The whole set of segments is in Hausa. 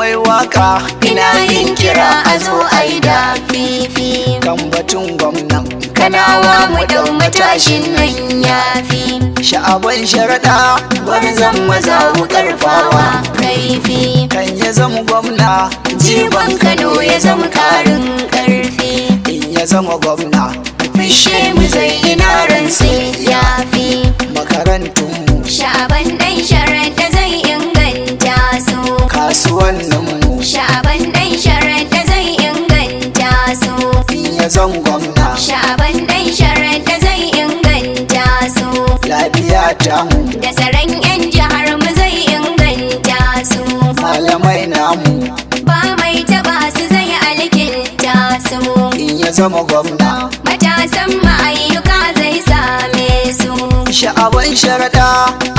wai waka ina yin kira a zo ai da fifi kan batun gwamnan kanawa mu dan matashin nan ya yafi sha'aban sharaɗa zan maza mu karfawa kaifi kan ya zama gwamna jiban kano ya zama karin karfi in ya zama gwamna fishe mu zai ina wannan mu sha'aban dan sharar zai inganta su ya zangon gwamna. sha'aban dan sharar zai inganta su lafiya ta mu da tsaron yan jihar mu zai inganta su malamai namu ba mai taba su zai alkinta su ya zama gwamna matasan ma'ayyuka zai same su sha'aban sharaɗa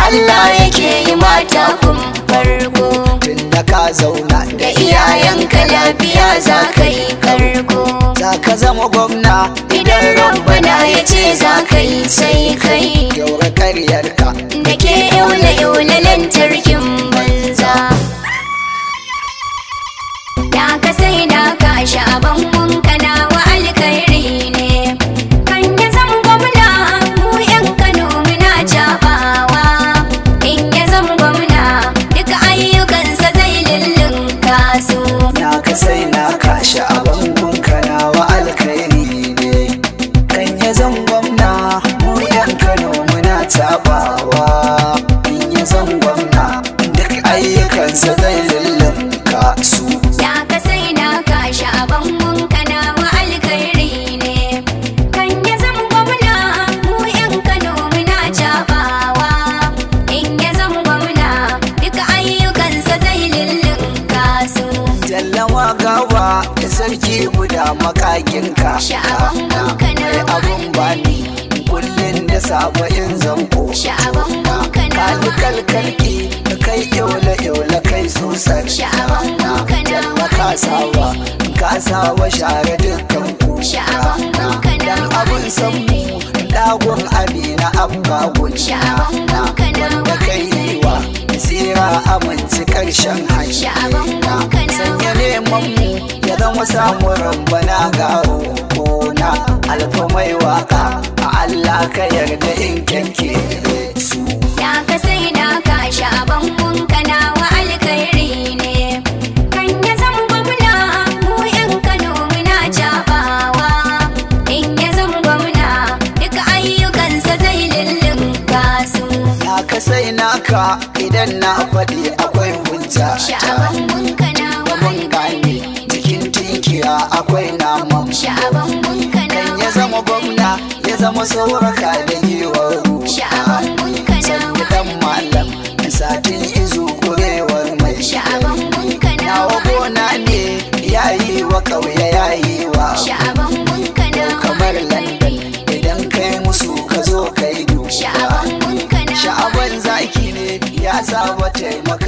Allah yake yi mata kun farko tunda ka zauna da iyayenka lafiya za ka yi karko za ka zama gwamna idan rabbana ya ce za ka yi sai kai yaura karyarka da ke yaula yaula na magawa sarki guda makakinka mai abin bani kullum da saba'in zanko kalu kalkalki kai yola yola kai susar jalla ka sawa ka sawa share dukkan ku dan abin sammu dagon amina abba gunci wanda kai yiwa tsira aminci karshen hanyar mamu ya zama samun rambana ga rukuna alfa mai waka a Allah ka yarda in kyanke ya ka sai da ka sha bankun kana wa alkhairi ne kan ya zan gwamna mu yan kanomi na jabawa in ya zan gwamna duk ayyukansa sa zai lullunka su ya ka sai naka idan na faɗi akwai hujja sha bankun kana wa alkhairi sha'aban gunka na ya zama gwamna ya zama sauraka da yiwuwar ruwa sha'aban gunka na sanni dan malam satin izu kurewar mai sha'aban gunka na gona ne yayi wa kauye yayi wa sha'aban na kamar london idan kai musu ka zo kai sha'aban na sha'aban zaki ne ya saba taimaka